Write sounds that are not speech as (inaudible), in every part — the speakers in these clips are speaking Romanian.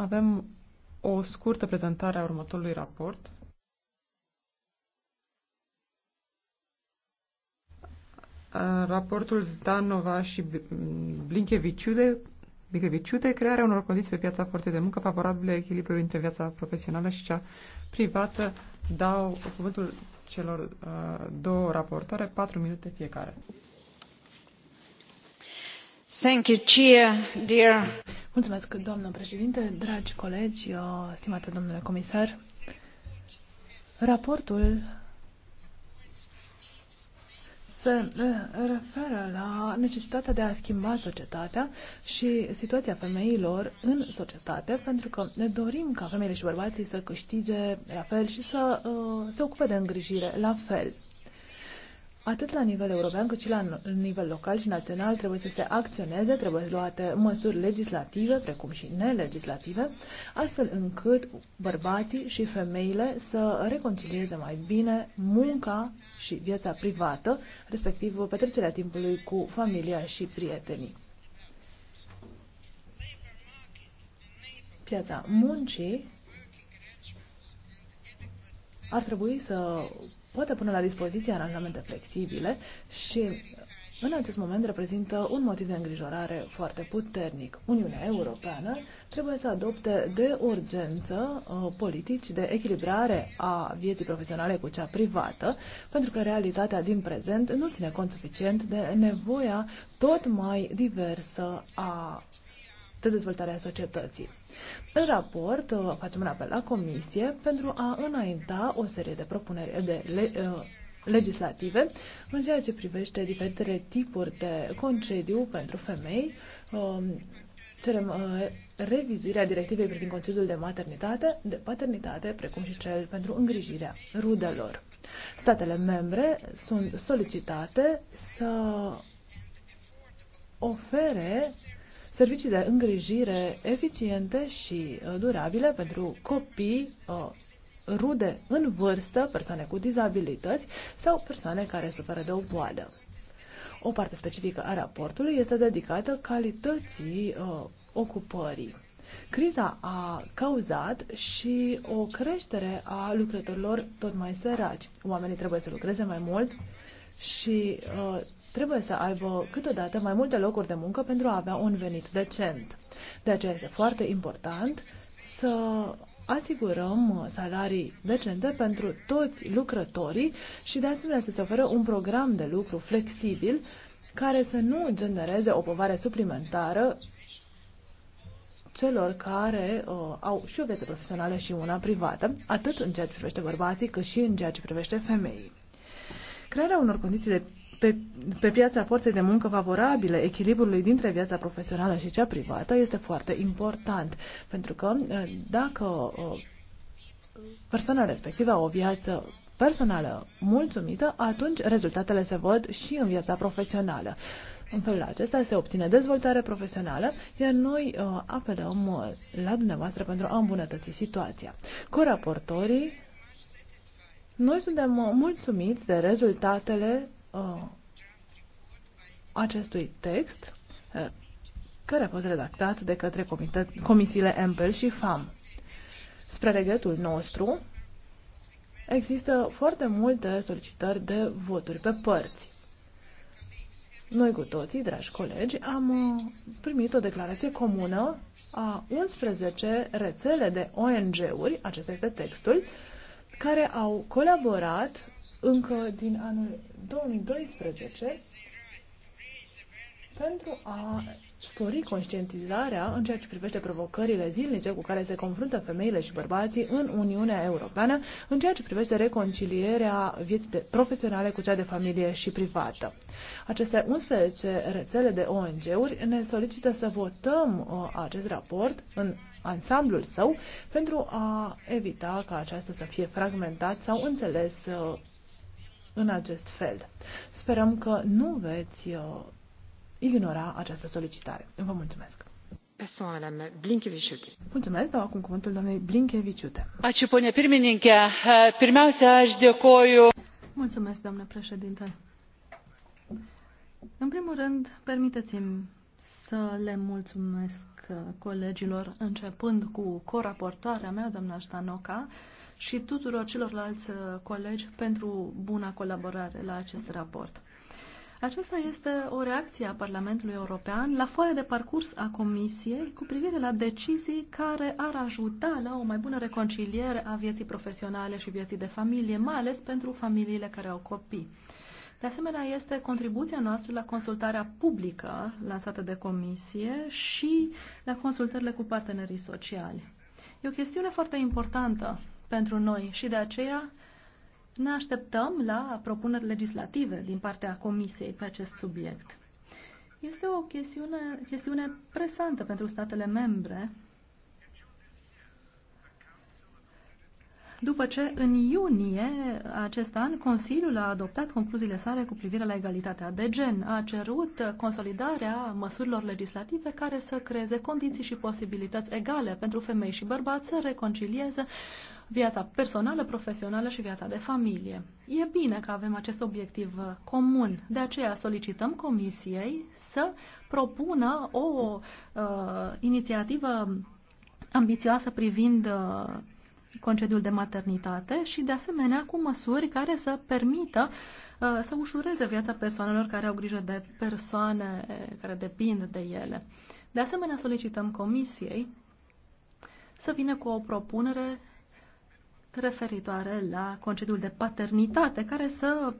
avem o scurtă prezentare a următorului raport. Raportul Zdanova și Blinkeviciude, de crearea unor condiții pe piața forței de muncă favorabile echilibrului între viața profesională și cea privată, dau cuvântul celor uh, două raportoare, patru minute fiecare. Thank you, Chia, dear. Mulțumesc, doamnă președinte, dragi colegi, uh, stimate domnule comisar. Raportul se uh, referă la necesitatea de a schimba societatea și situația femeilor în societate, pentru că ne dorim ca femeile și bărbații să câștige la fel și să uh, se ocupe de îngrijire la fel atât la nivel european cât și la nivel local și național trebuie să se acționeze, trebuie luate măsuri legislative, precum și nelegislative, astfel încât bărbații și femeile să reconcilieze mai bine munca și viața privată, respectiv petrecerea timpului cu familia și prietenii. Piața muncii ar trebui să poate pune la dispoziție aranjamente flexibile și în acest moment reprezintă un motiv de îngrijorare foarte puternic. Uniunea Europeană trebuie să adopte de urgență uh, politici de echilibrare a vieții profesionale cu cea privată, pentru că realitatea din prezent nu ține cont suficient de nevoia tot mai diversă a de dezvoltare a societății. În raport uh, facem un apel la Comisie pentru a înainta o serie de propuneri de le, uh, legislative în ceea ce privește diferitele tipuri de concediu pentru femei. Um, cerem uh, revizuirea directivei privind concediul de maternitate, de paternitate, precum și cel pentru îngrijirea rudelor. Statele membre sunt solicitate să ofere servicii de îngrijire eficiente și uh, durabile pentru copii, uh, rude în vârstă, persoane cu dizabilități sau persoane care suferă de o boală. O parte specifică a raportului este dedicată calității uh, ocupării. Criza a cauzat și o creștere a lucrătorilor tot mai săraci. Oamenii trebuie să lucreze mai mult și uh, trebuie să aibă câteodată mai multe locuri de muncă pentru a avea un venit decent. De aceea este foarte important să asigurăm salarii decente pentru toți lucrătorii și de asemenea să se oferă un program de lucru flexibil care să nu genereze o povară suplimentară celor care uh, au și o viață profesională și una privată, atât în ceea ce privește bărbații, cât și în ceea ce privește femeii. Crearea unor condiții de pe, pe piața forței de muncă favorabile echilibrului dintre viața profesională și cea privată este foarte important, pentru că uh, dacă uh, persoana respectivă are o viață personală mulțumită, atunci rezultatele se văd și în viața profesională. În felul acesta se obține dezvoltare profesională, iar noi uh, apelăm uh, la dumneavoastră pentru a îmbunătăți situația. raportorii, noi suntem uh, mulțumiți de rezultatele uh, acestui text uh, care a fost redactat de către comisiile Empel și FAM. Spre regretul nostru, există foarte multe solicitări de voturi pe părți. Noi cu toții, dragi colegi, am uh, primit o declarație comună a 11 rețele de ONG-uri, acesta este textul, care au colaborat încă din anul 2012 pentru a spori conștientizarea în ceea ce privește provocările zilnice cu care se confruntă femeile și bărbații în Uniunea Europeană, în ceea ce privește reconcilierea vieții de profesionale cu cea de familie și privată. Aceste 11 rețele de ONG-uri ne solicită să votăm uh, acest raport în ansamblul său pentru a evita ca aceasta să fie fragmentat sau înțeles uh, în acest fel. Sperăm că nu veți uh, ignora această solicitare. Vă mulțumesc! Mulțumesc, dau acum cuvântul doamnei Blinkeviciute. Ačiū, ponia pirmininkė. Pirmiausia, aš dėkoju. Mulțumesc, doamnă președinte. În primul rând, permiteți-mi să le mulțumesc uh, colegilor, începând cu coraportoarea mea, doamna Ștanoca, și tuturor celorlalți uh, colegi pentru buna colaborare la acest raport. Aceasta este o reacție a Parlamentului European la foaia de parcurs a Comisiei cu privire la decizii care ar ajuta la o mai bună reconciliere a vieții profesionale și vieții de familie, mai ales pentru familiile care au copii. De asemenea, este contribuția noastră la consultarea publică lansată de comisie și la consultările cu partenerii sociali. E o chestiune foarte importantă pentru noi și de aceea ne așteptăm la propuneri legislative din partea Comisiei pe acest subiect. Este o chestiune, chestiune presantă pentru statele membre după ce în iunie acest an Consiliul a adoptat concluziile sale cu privire la egalitatea de gen. A cerut consolidarea măsurilor legislative care să creeze condiții și posibilități egale pentru femei și bărbați să reconcilieze viața personală, profesională și viața de familie. E bine că avem acest obiectiv uh, comun, de aceea solicităm Comisiei să propună o uh, inițiativă ambițioasă privind uh, concediul de maternitate și, de asemenea, cu măsuri care să permită uh, să ușureze viața persoanelor care au grijă de persoane care depind de ele. De asemenea, solicităm Comisiei să vină cu o propunere referitoare la concediul de paternitate, care să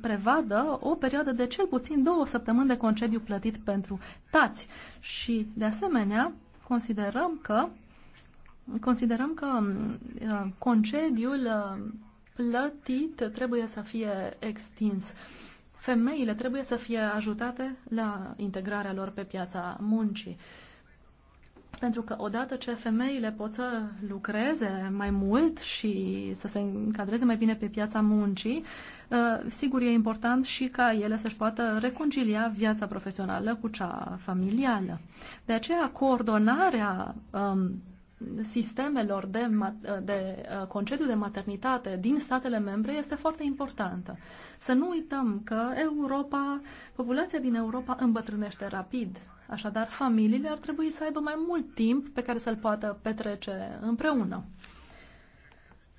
prevadă o perioadă de cel puțin două săptămâni de concediu plătit pentru tați. Și, de asemenea, considerăm că considerăm că um, uh, concediul um, plătit trebuie să fie extins. Femeile trebuie să fie ajutate la integrarea lor pe piața muncii. Pentru că odată ce femeile pot să lucreze mai mult și să se încadreze mai bine pe piața muncii, uh, sigur e important și ca ele să-și poată reconcilia viața profesională cu cea familială. De aceea, coordonarea um, sistemelor de, uh, de uh, concediu de maternitate din statele membre este foarte importantă. Să nu uităm că Europa, populația din Europa îmbătrânește rapid Așadar, familiile ar trebui să aibă mai mult timp pe care să-l poată petrece împreună.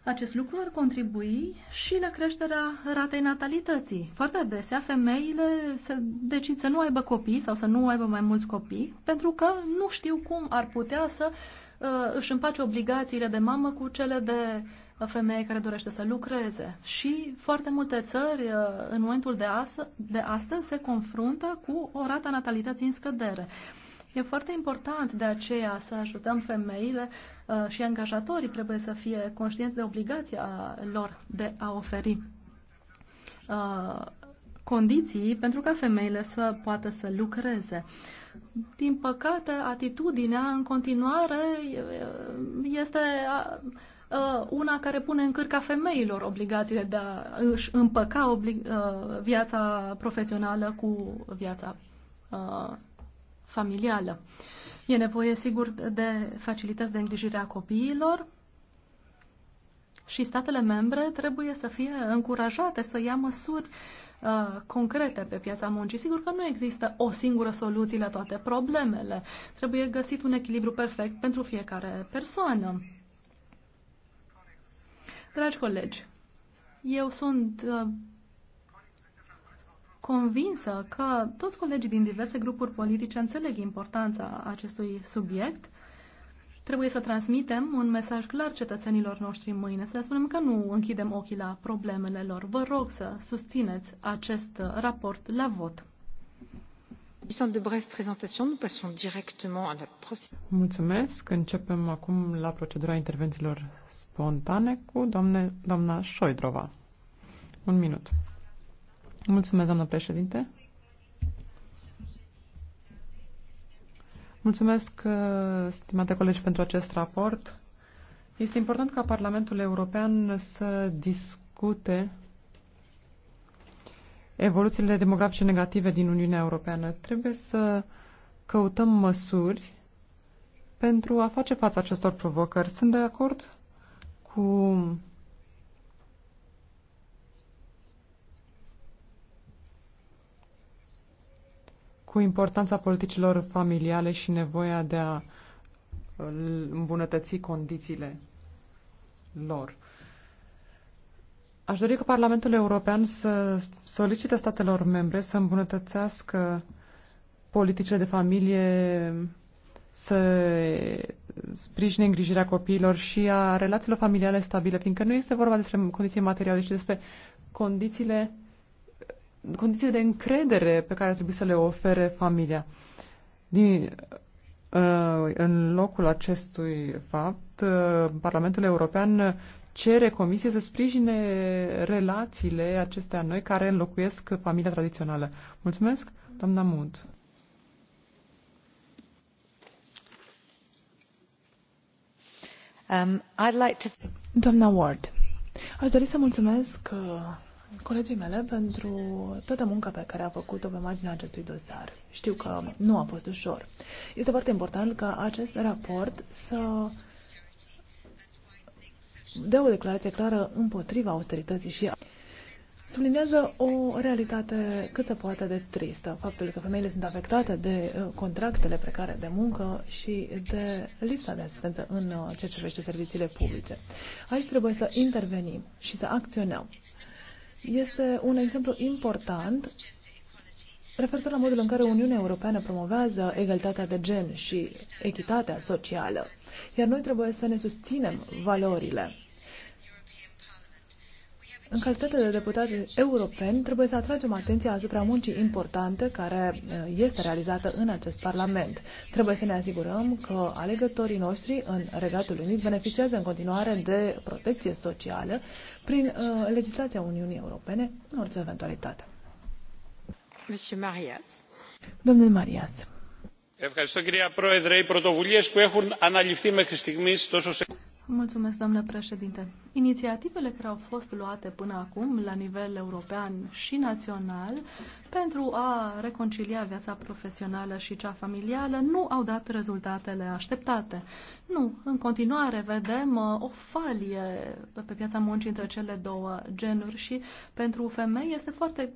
Acest lucru ar contribui și la creșterea ratei natalității. Foarte adesea, femeile se decid să nu aibă copii sau să nu aibă mai mulți copii pentru că nu știu cum ar putea să uh, își împace obligațiile de mamă cu cele de femeie care dorește să lucreze. Și foarte multe țări, uh, în momentul de, as- de astăzi, se confruntă cu o rată natalității în scădere. E foarte important de aceea să ajutăm femeile uh, și angajatorii trebuie să fie conștienți de obligația lor de a oferi uh, condiții pentru ca femeile să poată să lucreze. Din păcate, atitudinea în continuare este Uh, una care pune în cârca femeilor obligațiile de a își împăca uh, viața profesională cu viața uh, familială. E nevoie, sigur, de facilități de îngrijire a copiilor și statele membre trebuie să fie încurajate să ia măsuri concrete pe piața muncii. Sigur că nu există o singură soluție la toate problemele. Trebuie găsit un echilibru perfect pentru fiecare persoană. Dragi colegi, eu sunt uh, convinsă că toți colegii din diverse grupuri politice înțeleg importanța acestui subiect. Trebuie să transmitem un mesaj clar cetățenilor noștri mâine, să le spunem că nu închidem ochii la problemele lor. Vă rog să susțineți acest uh, raport la vot la Mulțumesc. Începem acum la procedura intervențiilor spontane cu doamne, doamna Șoidrova. Un minut. Mulțumesc, doamnă președinte. Mulțumesc, uh, stimate colegi, pentru acest raport. Este important ca Parlamentul European să discute evoluțiile demografice negative din Uniunea Europeană. Trebuie să căutăm măsuri pentru a face față acestor provocări. Sunt de acord cu cu importanța politicilor familiale și nevoia de a îmbunătăți condițiile lor. Aș dori ca Parlamentul European să solicite statelor membre să îmbunătățească politicile de familie, să sprijine îngrijirea copiilor și a relațiilor familiale stabile, fiindcă nu este vorba despre condiții materiale, ci despre condițiile, condițiile de încredere pe care trebuie să le ofere familia. Din, uh, în locul acestui fapt, uh, Parlamentul European cere Comisiei să sprijine relațiile acestea noi care înlocuiesc familia tradițională. Mulțumesc, doamna Mund. Um, I'd like to... Doamna Ward, aș dori să mulțumesc uh, colegii mele pentru toată munca pe care a făcut-o pe marginea acestui dosar. Știu că nu a fost ușor. Este foarte important ca acest raport să dă o declarație clară împotriva austerității și sublinează o realitate cât se poate de tristă. Faptul că femeile sunt afectate de uh, contractele precare de muncă și de lipsa de asistență în uh, ce privește serviciile publice. Aici trebuie să intervenim și să acționăm. Este un exemplu important referitor la modul în care Uniunea Europeană promovează egalitatea de gen și echitatea socială. Iar noi trebuie să ne susținem valorile în calitate de deputat europeni, trebuie să atragem atenția asupra muncii importante care uh, este realizată în acest Parlament. Trebuie să ne asigurăm că alegătorii noștri în Regatul Unit beneficiază în continuare de protecție socială prin uh, legislația Uniunii Europene în orice eventualitate. Monsieur Marias. Domnul Marias. Ευχαριστώ κυρία Πρόεδρε. Οι πρωτοβουλίες που έχουν αναλυφθεί μέχρι στιγμής τόσο σε... Mulțumesc, doamnă președinte. Inițiativele care au fost luate până acum la nivel european și național pentru a reconcilia viața profesională și cea familială nu au dat rezultatele așteptate. Nu, în continuare vedem uh, o falie pe piața muncii între cele două genuri și pentru femei este foarte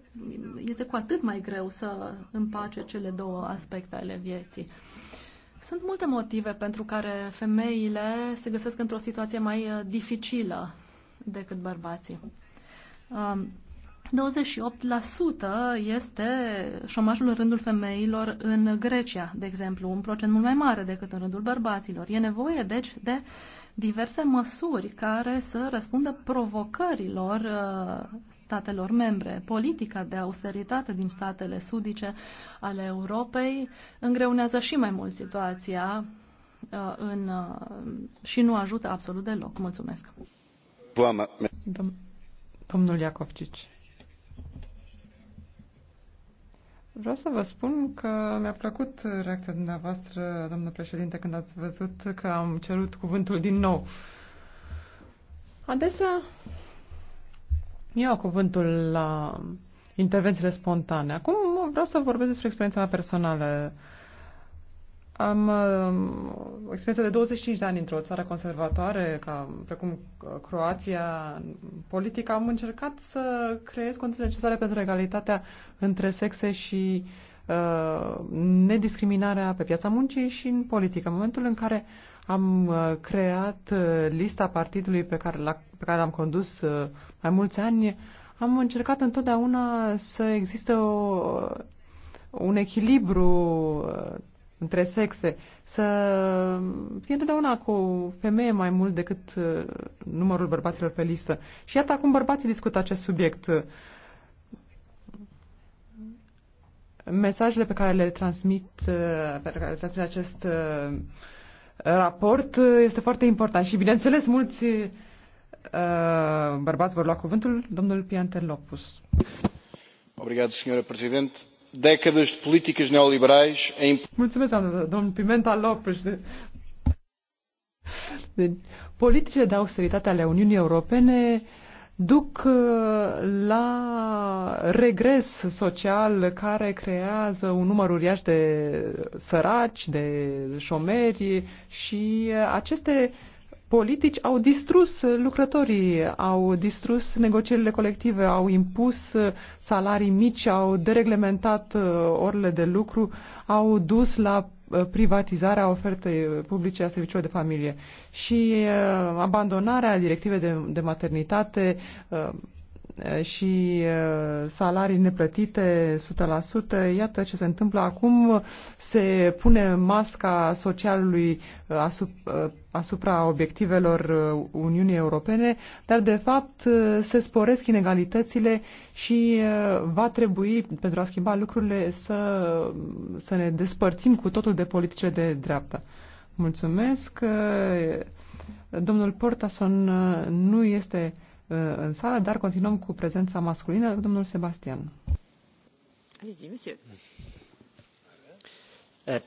este cu atât mai greu să împace cele două aspecte ale vieții. Sunt multe motive pentru care femeile se găsesc într-o situație mai uh, dificilă decât bărbații. 28% um, este șomajul în rândul femeilor în Grecia, de exemplu, un procent mult mai mare decât în rândul bărbaților. E nevoie, deci, de uh, diverse măsuri care să răspundă provocărilor uh, statelor membre. Politica de austeritate din statele sudice ale Europei îngreunează și mai mult situația uh, în, uh, și nu ajută absolut deloc. Mulțumesc. domnul Iacovcici. Vreau să vă spun că mi-a plăcut reacția dumneavoastră, domnul președinte, când ați văzut că am cerut cuvântul din nou. Adesea iau cuvântul la intervențiile spontane. Acum vreau să vorbesc despre experiența mea personală. Am uh, experiență de 25 de ani într-o țară conservatoare, ca, precum uh, Croația, politic, am încercat să creez condiții necesare pentru egalitatea între sexe și uh, nediscriminarea pe piața muncii și în politică. În momentul în care am uh, creat uh, lista partidului pe care, la, pe care l-am condus mai mulți ani, am încercat întotdeauna să existe o, un echilibru între sexe, să fie întotdeauna cu o femeie mai mult decât uh, numărul bărbaților pe listă. Și iată acum bărbații discută acest subiect. Mesajele pe care le transmit, uh, pe care le transmit acest uh, raport este foarte important și, bineînțeles, mulți bărbați vor lua cuvântul, domnul Pianter Lopus. Obrigado, senhora Presidente décadas de políticas neoliberais em... Pimenta Lopes. Deci, politicile de austeritate ale Uniunii Europene duc uh, la regres social care creează un număr uriaș de săraci, de șomeri și uh, aceste politici au distrus lucrătorii, au distrus negocierile colective, au impus salarii mici, au dereglementat uh, orele de lucru, au dus la uh, privatizarea ofertei publice a serviciilor de familie și uh, abandonarea directivei de, de maternitate Eh, și eh, salarii neplătite 100%. Iată ce se întâmplă acum. Se pune masca socialului eh, asupra, obiectivelor Uniunii Europene, dar de fapt se sporesc inegalitățile și va trebui, pentru a schimba lucrurile, să, să ne despărțim cu totul de politicile de dreapta. Mulțumesc. Domnul Portason nu este Uh, în sală, dar continuăm cu prezența masculină. Domnul Sebastian. Allez-y, monsieur. Eh,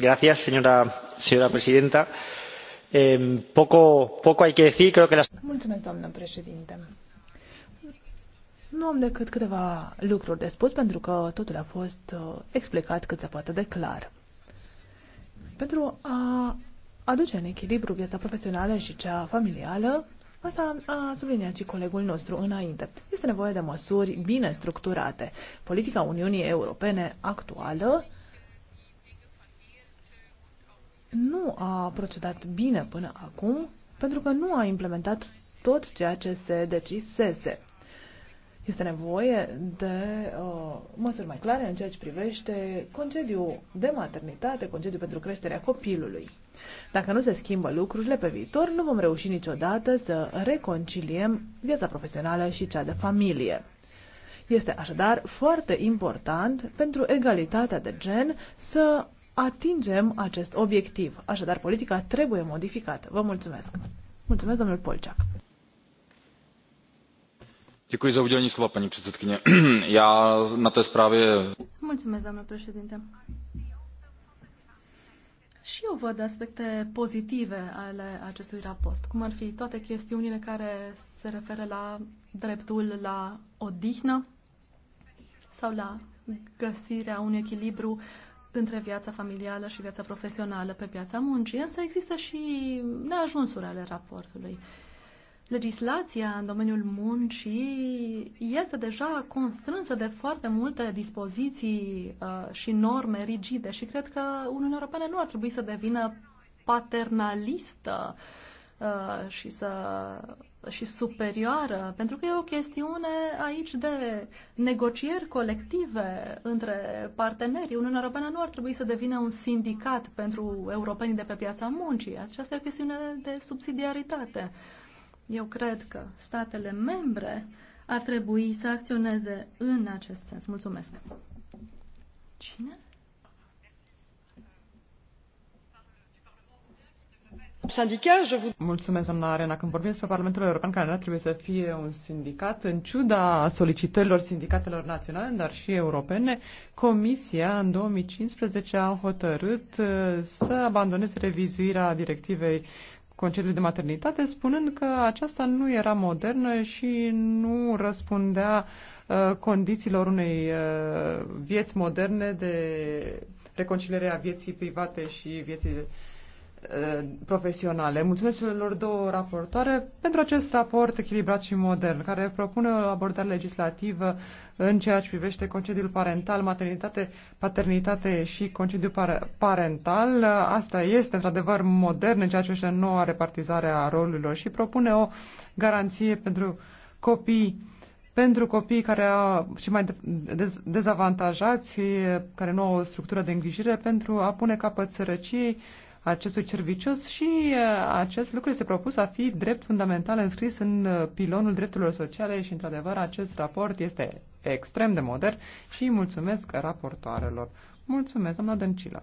gracias, señora, señora presidenta. poco, poco hay que decir, creo que las... Mulțumesc, doamnă președinte. Nu am decât câteva lucruri de spus, pentru că totul a fost uh, explicat cât se poate de clar. Pentru a aduce în echilibru viața profesională și cea familială, Asta a subliniat și colegul nostru înainte. Este nevoie de măsuri bine structurate. Politica Uniunii Europene actuală nu a procedat bine până acum pentru că nu a implementat tot ceea ce se decisese. Este nevoie de uh, măsuri mai clare în ceea ce privește concediu de maternitate, concediu pentru creșterea copilului. Dacă nu se schimbă lucrurile pe viitor, nu vom reuși niciodată să reconciliem viața profesională și cea de familie. Este așadar foarte important pentru egalitatea de gen să atingem acest obiectiv. Așadar, politica trebuie modificată. Vă mulțumesc. Mulțumesc, domnul Polceac. Děkuji za udělení slova, paní předsedkyně. (clears throat) Já na té zprávě... Mulțumesc, doamnă președinte. Și eu văd aspecte pozitive ale acestui raport, cum ar fi toate chestiunile care se referă la dreptul la odihnă sau la găsirea unui echilibru între viața familială și viața profesională pe piața muncii, însă există și neajunsuri ale raportului. Uh, legislația în domeniul muncii este deja constrânsă de foarte multe dispoziții uh, și norme rigide și cred că Uniunea Europeană nu ar trebui să devină paternalistă uh, și, să, și superioară, pentru că e o chestiune aici de negocieri colective între partenerii. Uniunea Europeană nu ar trebui să devină un sindicat pentru europenii de pe piața muncii. Aceasta e o chestiune de subsidiaritate. Uh, eu cred că statele membre ar trebui să acționeze în acest sens. Mulțumesc. Cine? Sindicat, je vous... Mulțumesc, doamna Arena. Când vorbim despre Parlamentul European, care nu trebuie să fie un sindicat, în ciuda solicitărilor sindicatelor naționale, dar și europene, Comisia în 2015 a hotărât uh, să abandoneze revizuirea directivei concediul de maternitate, spunând că aceasta nu era modernă și nu răspundea uh, condițiilor unei uh, vieți moderne de reconcilierea vieții private și vieții Eh, profesionale. Mulțumesc celor două raportoare pentru acest raport echilibrat și modern, care propune o abordare legislativă în ceea ce privește concediul parental, maternitate, paternitate și concediu parental. Asta este, într-adevăr, modern în ceea ce privește noua repartizare a rolurilor și propune o garanție pentru copii pentru copii care au și mai dezavantajați, care nu au o structură de îngrijire, pentru a pune capăt sărăciei acestui servicios și uh, acest lucru este propus a fi drept fundamental înscris în uh, pilonul drepturilor sociale și, într-adevăr, acest raport este extrem de modern și mulțumesc raportoarelor. Mulțumesc, doamna Dăncilă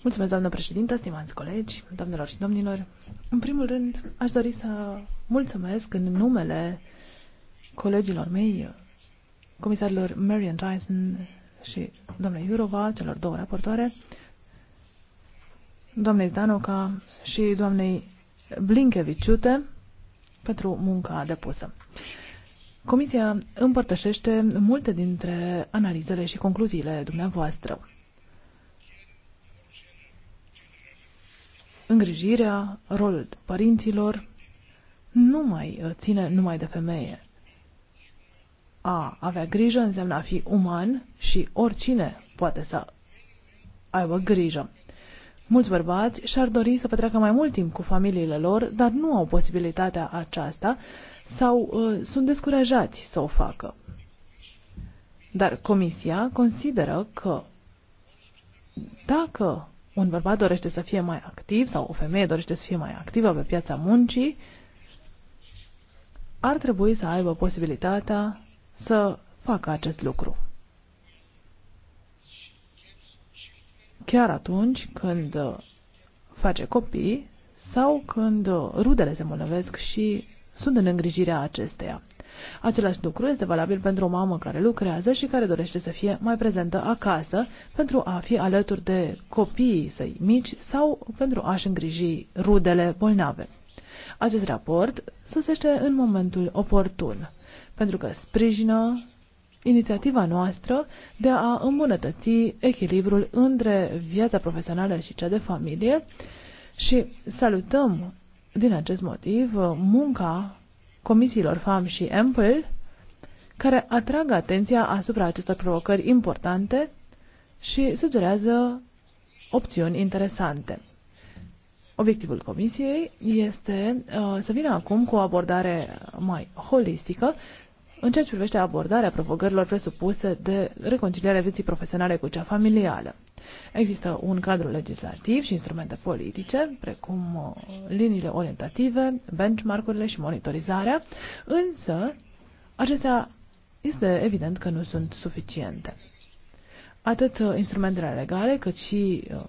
Mulțumesc, doamnă președintă, stimați colegi, doamnelor și domnilor. În primul rând, aș dori să mulțumesc în numele colegilor mei, comisarilor Marian Tyson și doamna Iurova, celor două raportoare, doamnei Zdanoca și doamnei Blinkeviciute pentru munca depusă. Comisia împărtășește multe dintre analizele și concluziile dumneavoastră. Îngrijirea, rolul părinților, nu mai ține numai de femeie. A avea grijă înseamnă a fi uman și oricine poate să aibă grijă. Mulți bărbați și-ar dori să petreacă mai mult timp cu familiile lor, dar nu au posibilitatea aceasta sau uh, sunt descurajați să o facă. Dar Comisia consideră că dacă un bărbat dorește să fie mai activ sau o femeie dorește să fie mai activă pe piața muncii, ar trebui să aibă posibilitatea să facă acest lucru. chiar atunci când uh, face copii sau când uh, rudele se molnăvesc și sunt în îngrijirea acesteia. Același lucru este valabil pentru o mamă care lucrează și care dorește să fie mai prezentă acasă pentru a fi alături de copiii săi mici sau pentru a-și îngriji rudele bolnave. Acest raport sosește în momentul oportun, pentru că sprijină inițiativa noastră de a îmbunătăți echilibrul între viața profesională și cea de familie și salutăm din acest motiv munca comisiilor FAM și EMPL care atrag atenția asupra acestor provocări importante și sugerează opțiuni interesante. Obiectivul comisiei este uh, să vină acum cu o abordare mai holistică în ceea ce privește abordarea provocărilor presupuse de reconcilierea vieții profesionale cu cea familială. Există un cadru legislativ și instrumente politice, precum uh, liniile orientative, benchmark-urile și monitorizarea, însă acestea este evident că nu sunt suficiente. Atât uh, instrumentele legale cât și uh,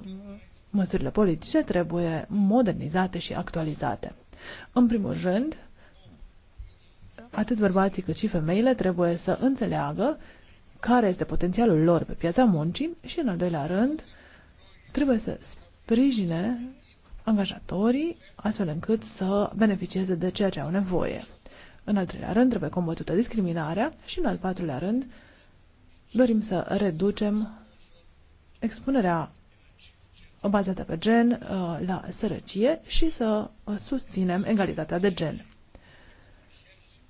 măsurile politice trebuie modernizate și actualizate. În primul rând, atât bărbații cât și femeile trebuie să înțeleagă care este potențialul lor pe piața muncii și, în al doilea rând, trebuie să sprijine angajatorii astfel încât să beneficieze de ceea ce au nevoie. În al treilea rând, trebuie combătută discriminarea și, în al patrulea rând, dorim să reducem expunerea bazată pe gen uh, la sărăcie și să susținem egalitatea de gen.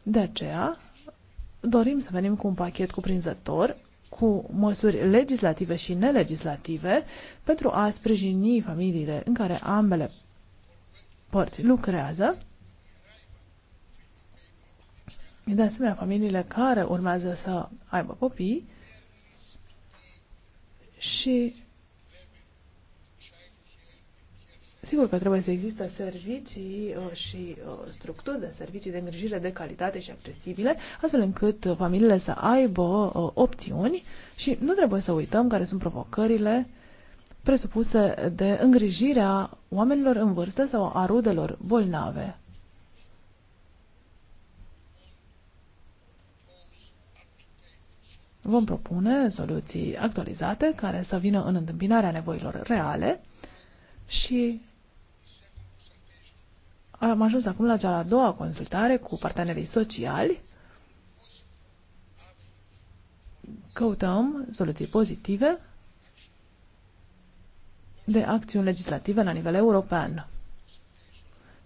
De aceea, dorim să venim cu un pachet cuprinzător cu măsuri legislative și nelegislative pentru a sprijini familiile în care ambele părți lucrează. De asemenea, familiile care urmează să aibă copii și Sigur că trebuie să există servicii uh, și uh, structuri de servicii de îngrijire de calitate și accesibile, astfel încât uh, familiile să aibă opțiuni și nu trebuie să uităm care sunt provocările presupuse de îngrijirea oamenilor în vârstă sau a rudelor bolnave. Vom propune soluții actualizate care să vină în întâmpinarea nevoilor reale și am ajuns acum la cea a doua consultare cu partenerii sociali. Căutăm soluții pozitive de acțiuni legislative la nivel european.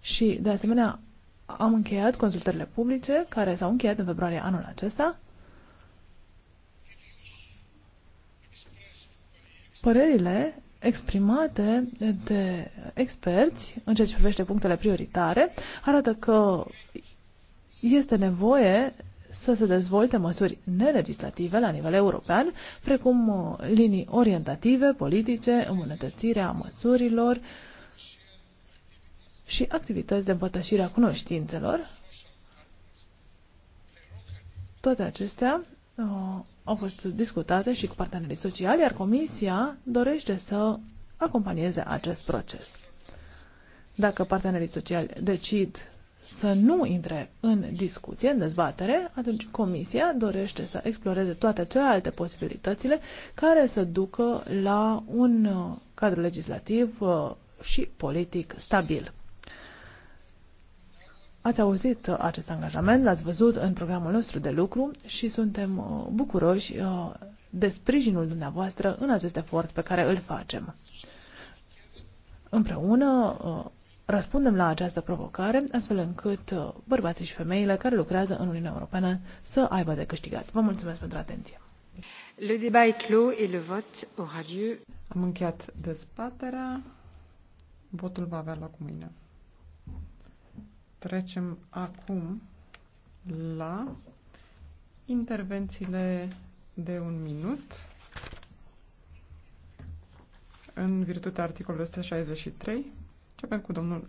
Și, de asemenea, am încheiat consultările publice care s-au încheiat în februarie anul acesta. Părerile exprimate de experți în ceea ce privește punctele prioritare arată că este nevoie să se dezvolte măsuri nelegislative la nivel european, precum uh, linii orientative, politice, îmbunătățirea măsurilor și activități de împărtășire a cunoștințelor. Toate acestea uh, au fost discutate și cu partenerii sociali, iar Comisia dorește să acompanieze acest proces. Dacă partenerii sociali decid să nu intre în discuție, în dezbatere, atunci Comisia dorește să exploreze toate celelalte posibilitățile care să ducă la un uh, cadru legislativ uh, și politic stabil. Ați auzit uh, acest angajament, l-ați văzut în programul nostru de lucru și suntem uh, bucuroși uh, de sprijinul dumneavoastră în acest efort pe care îl facem. Împreună răspundem la această provocare, astfel încât bărbații și femeile care lucrează în Uniunea Europeană să aibă de câștigat. Vă mulțumesc pentru atenție. Le débat est clos et le vote aura lieu. Am încheiat dezbaterea. Votul va avea loc mâine. Trecem acum la intervențiile de un minut în virtutea articolului 163. Începem cu domnul